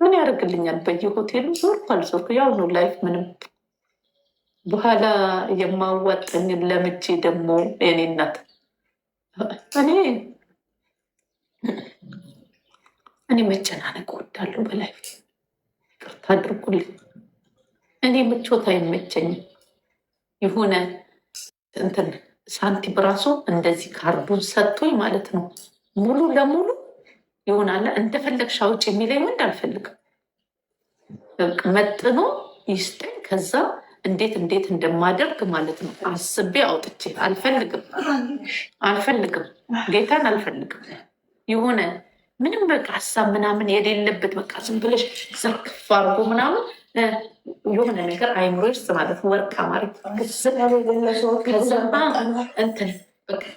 ምን ያደርግልኛል? በየሆቴሉ ዞርኩ አልዞርኩ ያው ነው ላይፍ። ምንም በኋላ የማዋጠኝ ለምቼ ደግሞ የኔ እናት እኔ እኔ መጨናነቅ ወዳለሁ በላይፍ ቅርታ አድርጉልኝ። እኔ ምቾት አይመቸኝም። የሆነ እንትን ሳንቲም ራሱ እንደዚህ ካርዱን ሰጥቶኝ ማለት ነው ሙሉ ለሙሉ ይሆናለ እንደፈለግሽ አውጪ የሚለኝ ወንድ አልፈልግም። መጥኖ ይስጠኝ። ከዛ እንዴት እንዴት እንደማደርግ ማለት ነው አስቤ አውጥቼ አልፈልግም፣ አልፈልግም፣ ጌታን አልፈልግም። የሆነ ምንም በቃ ሀሳብ ምናምን የሌለበት በቃ ዝም ብለሽ ዘርክፍ ምናምን የሆነ ነገር አይምሮ ውስጥ ማለት ወርቅ ማለት ከዛ እንትን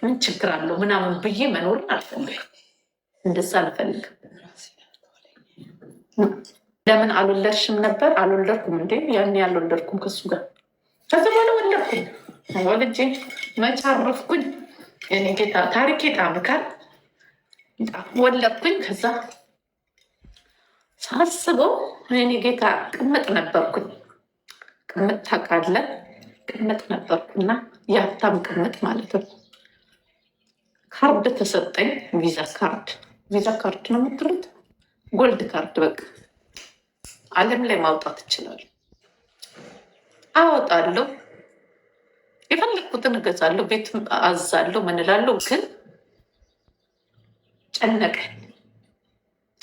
ምን ችግር አለው ምናምን ብዬ መኖርን አልፈልግም። እንደዛ አልፈልግም። ለምን አልወለድሽም ነበር? አልወለድኩም እንዴ? ያኔ አልወለድኩም ከሱ ጋር ከዚ በኋላ ወለድኩኝ። ወልጄ መቼ አረፍኩኝ? እኔ ጌታ ታሪኬ ጣምካል። ወለድኩኝ። ከዛ ሳስበው እኔ ጌታ ቅምጥ ነበርኩኝ። ቅምጥ ታውቃለህ? ቅምጥ ነበርኩና የሀብታም ቅምጥ ማለት ነው። ካርድ ተሰጠኝ፣ ቪዛ ካርድ ቪዛ ካርድ ነው የምትሉት? ጎልድ ካርድ በቃ አለም ላይ ማውጣት ይችላል። አወጣለሁ፣ የፈለግኩትን እገዛለሁ፣ ቤት አዛለሁ፣ ምንላለሁ። ግን ጨነቀን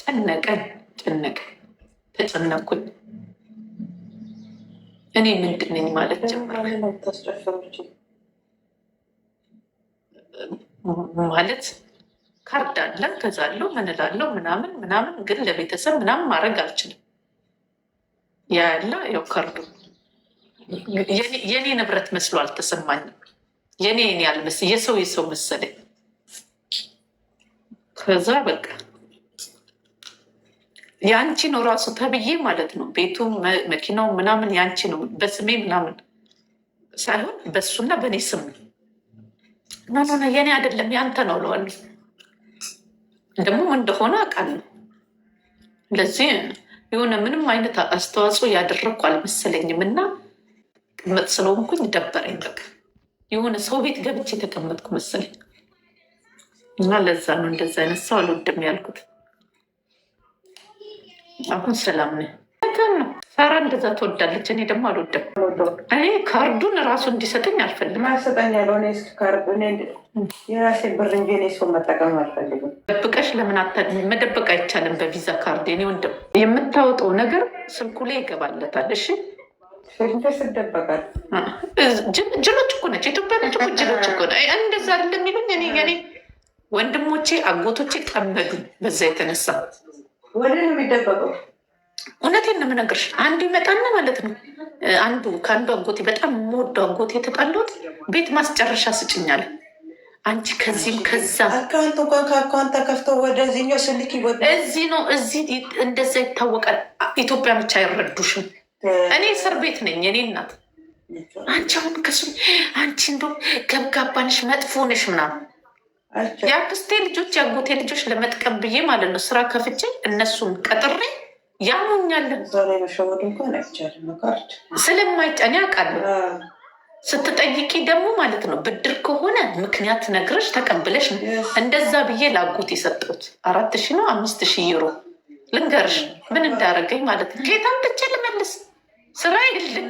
ጨነቀን ጨነቀን ተጨነኩኝ። እኔ ምንድን ነኝ ማለት ጀመረ ማለት ካርድ አለን ከዛለው ምንላለው ምናምን ምናምን፣ ግን ለቤተሰብ ምናምን ማድረግ አልችልም። ያ ያለ ያው ካርዱ የኔ ንብረት መስሎ አልተሰማኝም። የኔ ኔ ያልመስ የሰው የሰው መሰለኝ። ከዛ በቃ የአንቺ ነው ራሱ ተብዬ ማለት ነው። ቤቱ መኪናው ምናምን የአንቺ ነው በስሜ ምናምን ሳይሆን በሱና በእኔ ስም ነው። የኔ አይደለም ያንተ ነው እለዋለሁ ደግሞ እንደሆነ አውቃለሁ። ለዚህ የሆነ ምንም አይነት አስተዋጽኦ ያደረግኩ አልመሰለኝም እና ቅመጥ ስለሆንኩኝ ደበረኝ። በቃ የሆነ ሰው ቤት ገብቼ የተቀመጥኩ መሰለኝ እና ለዛ ነው እንደዛ አይነት ሰው አልወድም ያልኩት። አሁን ሰላም ነኝ። እውነትህን ነው። ሳራ እንደዛ ትወዳለች። እኔ ደግሞ አልወደም። እኔ ካርዱን ራሱ እንዲሰጠኝ አልፈልግም። ማሰጠኝ ያለሆነ ካርዱን የራሴ ብር እንጂ እኔ ሰው መጠቀም አልፈልግም። ደብቀሽ ለምን መደበቅ አይቻልም። በቪዛ ካርድ ኔ ወንድም የምታወጠው ነገር ስልኩ ላይ ይገባለታል። እሺ ጅሎች እኮ ነች ኢትዮጵያ ነች ጅሎች እኮ ነ እንደዛ እንደሚሉኝ እኔ ገኔ ወንድሞቼ አጎቶቼ ጠመዱኝ። በዛ የተነሳ ወደ ነው የሚደበቀው እውነቴን ነው የምነግርሽ። አንዱ ይመጣና ማለት ነው አንዱ ከአንዱ አንጎቴ በጣም የምወዱ አንጎቴ የተጣለት ቤት ማስጨረሻ ስጭኛለ አንቺ ከዚህም ከዛ አካውንት እንኳን ከአካውንት ተከፍቶ ወደዚህኛው ስልክ ይወጣል። እዚህ ነው እዚህ እንደዛ ይታወቃል። ኢትዮጵያ ብቻ አይረዱሽም። እኔ እስር ቤት ነኝ። እኔ እናት አንቺ አሁን ከሱ አንቺ እንዶ ገብጋባንሽ መጥፎ ነሽ ምናምን የአክስቴ ልጆች የአጎቴ ልጆች ለመጥቀም ብዬ ማለት ነው ስራ ከፍቼ እነሱን ቀጥሬ ያሙኛል ስለማይጫ እኔ ስትጠይቂ ደግሞ ማለት ነው ብድር ከሆነ ምክንያት ነግረሽ ተቀብለሽ እንደዛ ብዬ ላጎት የሰጠሁት አራት ሺ ነው አምስት ሺ ዩሮ ልንገርሽ ምን እንዳረገኝ ማለት ነው። ጌታን ብቻ ልመልስ ስራ የለኝ።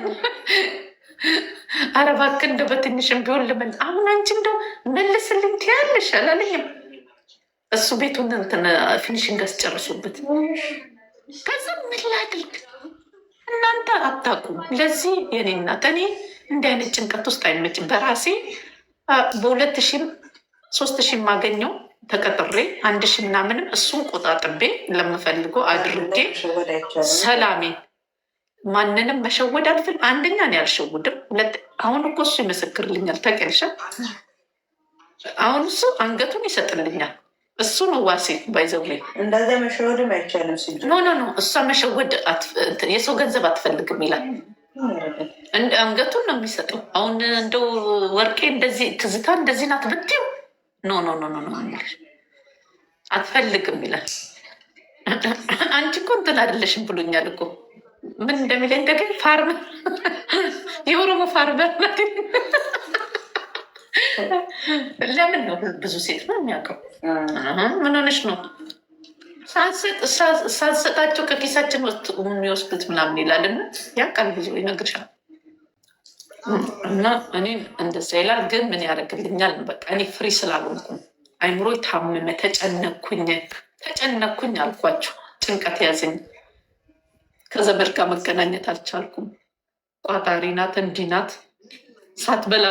ኧረ እባክህ እንደው በትንሽም ቢሆን ልመል አሁን አንቺ እንደው መልስልኝ ትያለሽ አላለኝም። እሱ ቤቱን እንትን ፊኒሽንግ አስጨርሱበት ከዛ ምን ላድርግ? እናንተ አታውቁም። ለዚህ የኔ እናት እኔ እንዲህ አይነት ጭንቀት ውስጥ አይመችም። በራሴ በሁለት ሺ ሶስት ሺ የማገኘው ተቀጥሬ አንድ ሺ ምናምንም እሱን ቆጣጥቤ ለምፈልገው አድርጌ ሰላሜ ማንንም መሸወድ አልፍል። አንደኛ እኔ አልሸውድም። አሁን እኮ እሱ ይመሰክርልኛል። ተቀልሻ አሁን እሱ አንገቱን ይሰጥልኛል። እሱ ነው ዋሴ ባይዘው ላይ እንደዚ መሸወድም አይቻልም። ኖ ኖ ኖ እሷ መሸወድ የሰው ገንዘብ አትፈልግም ይላል። አንገቱን ነው የሚሰጠው። አሁን እንደው ወርቄ እንደዚህ ትዝታ እንደዚህ ናት ብትዩ ኖ ኖ ኖ ኖ አትፈልግም ይላል። አንቺ እኮ እንትን አይደለሽም ብሎኛል እኮ ምን እንደሚለ እንደገኝ ፋርመር የኦሮሞ ፋርመር ለምን ነው ብዙ ሴት ነው የሚያውቀው ምን ሆነሽ ነው? ሳንሰጣቸው ከኪሳችን ውስጥ የሚወስዱት ምናምን ይላል እና ያ ቃል ብዙ ይነግርሻል። እና እኔም እንደዛ ይላል፣ ግን ምን ያደርግልኛል? በቃ እኔ ፍሪ ስላልሆንኩ አይምሮ ታመመ፣ ተጨነኩኝ ተጨነኩኝ አልኳቸው። ጭንቀት ያዘኝ። ከዘመድ ጋር መገናኘት አልቻልኩም። ቋጣሪ ናት፣ እንዲህ ናት። ሳትበላ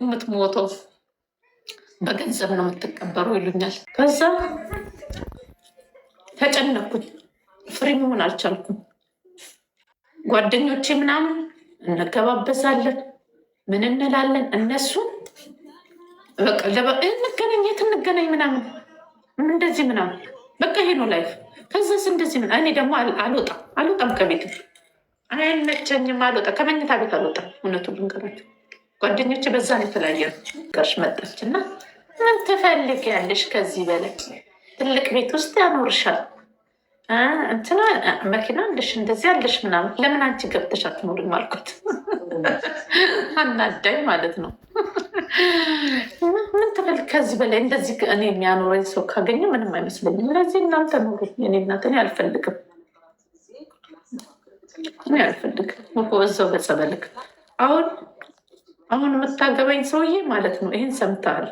የምትሞተው በገንዘብ ነው የምትቀበሩ ይሉኛል። ከዛ ተጨነኩኝ። ፍሪ መሆን አልቻልኩም። ጓደኞቼ ምናምን እንገባበዛለን፣ ምን እንላለን፣ እነሱን እንገናኝ፣ የት እንገናኝ ምናምን ምን እንደዚህ ምናምን በቃ ይሄ ነው ላይፍ። ከዛስ እንደዚህ ምን እኔ ደግሞ አልወጣም አልወጣም ከቤት አይመቸኝም፣ አልወጣም ከመኝታ ቤት አልወጣም። እውነቱን ልንገራቸው ጓደኞቼ በዛ ነው የተለያየ ጋሽ መጣች እና ምን ትፈልጊያለሽ? ከዚህ በላይ ትልቅ ቤት ውስጥ ያኖርሻል። እንትና መኪና አለሽ፣ እንደዚህ አለሽ ምናምን። ለምን አንቺ ገብተሽ አትኖሪም አልኩት። አናዳኝ ማለት ነው። ምን ትበል ከዚህ በላይ እንደዚህ እኔ የሚያኖረኝ ሰው ካገኘ ምንም አይመስለኝም። ስለዚህ እናንተ ኖሩ፣ እኔ እናት እኔ አልፈልግም፣ እኔ አልፈልግም። እዛው በጸበልክ አሁን አሁን የምታገባኝ ሰውዬ ማለት ነው። ይህን ሰምተሃል